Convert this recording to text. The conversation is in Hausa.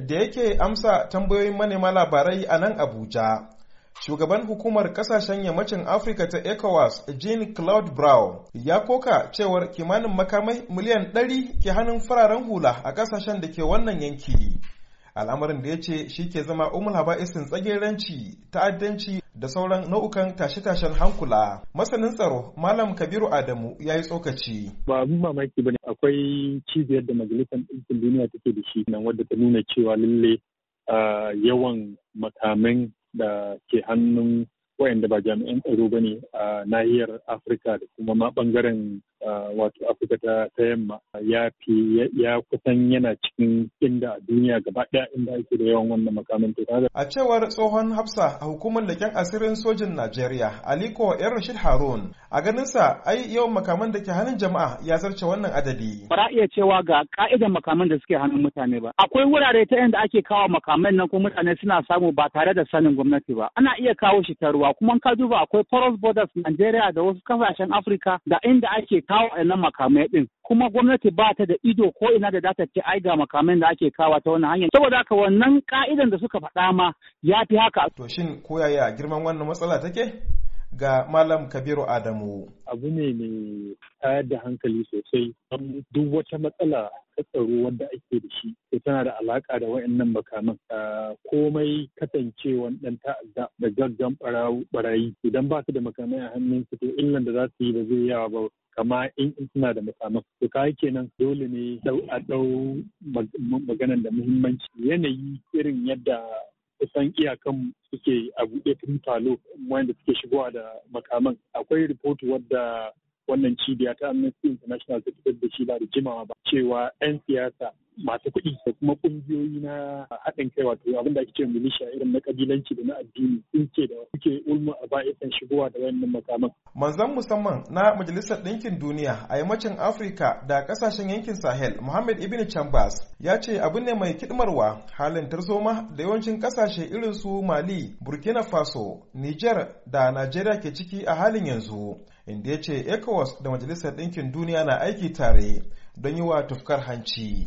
da yake amsa tambayoyin manema labarai a nan abuja shugaban hukumar kasashen yammacin afirka ta ecowas jean claude brown ya koka cewar kimanin makamai miliyan 100 ke hannun fararen hula a kasashen da ke wannan yanki al'amarin da ya ce shi ke zama umul tsagen tsageranci ta'addanci da sauran nau'ukan tashe-tashen hankula. Masanin tsaro Malam Kabiru Adamu ya yi tsokaci. Ba abin mamaki ba ne akwai cibiyar da Majalisar Ɗinkin Duniya take da shi nan wadda ta nuna cewa lalle yawan makamin da ke hannun wayanda ba jami'an tsaro ba ne a nahiyar Afirka da kuma ma ɓangaren wato Afirka ta yamma ya fi ya kusan yana cikin inda a duniya gaba ɗaya inda ake da yawan wannan makamin A cewar tsohon Hafsa a hukumar leken asirin sojin Najeriya Aliko Yar Rashid Harun a ganinsa ai yawan makaman da ke hannun jama'a ya zarce wannan adadi. Ba iya cewa ga ka'idan makaman da suke hannun mutane ba. Akwai wurare ta inda ake kawo makaman nan ko mutane suna samu ba tare da sanin gwamnati ba. Ana iya kawo shi ta ruwa kuma ka duba akwai Poros Borders Najeriya da wasu kasashen Afirka da inda ake kawo kawo makamai din kuma gwamnati ba ta da ido ko ina da data ce ai ga makamai da ake kawo ta wannan hanyar saboda haka wannan ka'idan da suka faɗa ma ya fi haka to shin ko yaya girman wannan matsala take ga Malam Kabiru Adamu. Abu ne mai tayar da hankali sosai duk wata matsala ta tsaro wanda ake da shi to tana da alaka da wayannan makaman ah, komai kasancewan dan ta'adda da gaggan barayi idan ba su da makamai a hannun su to illan da za su yi ba zai yawa ba kama in suna da makaman to kai kenan dole ne a dau maganan da muhimmanci yanayi irin yadda kusan iyakan suke a buɗe tun talo wanda suke shigowa da makaman akwai rahoto wadda wannan cibiya ta amnesty international ta fitar da shi ba da jimawa ba cewa 'yan siyasa masu kuɗi da kuma ƙungiyoyi na haɗin kai wato abin da ake cewa milisha irin na ƙabilanci da na addini sun ce da suke ulmu a ba'isan shigowa da wayannan makaman. Manzan musamman na Majalisar Ɗinkin Duniya a yammacin Afirka da ƙasashen yankin Sahel Muhammad Ibn Chambers ya ce abin ne mai kiɗmarwa halin tarzoma da yawancin ƙasashe irin su Mali, Burkina Faso, Niger da Najeriya ke ciki a halin yanzu. Inda ya ce ECOWAS da Majalisar Ɗinkin Duniya na aiki tare don yi wa tufkar hanci.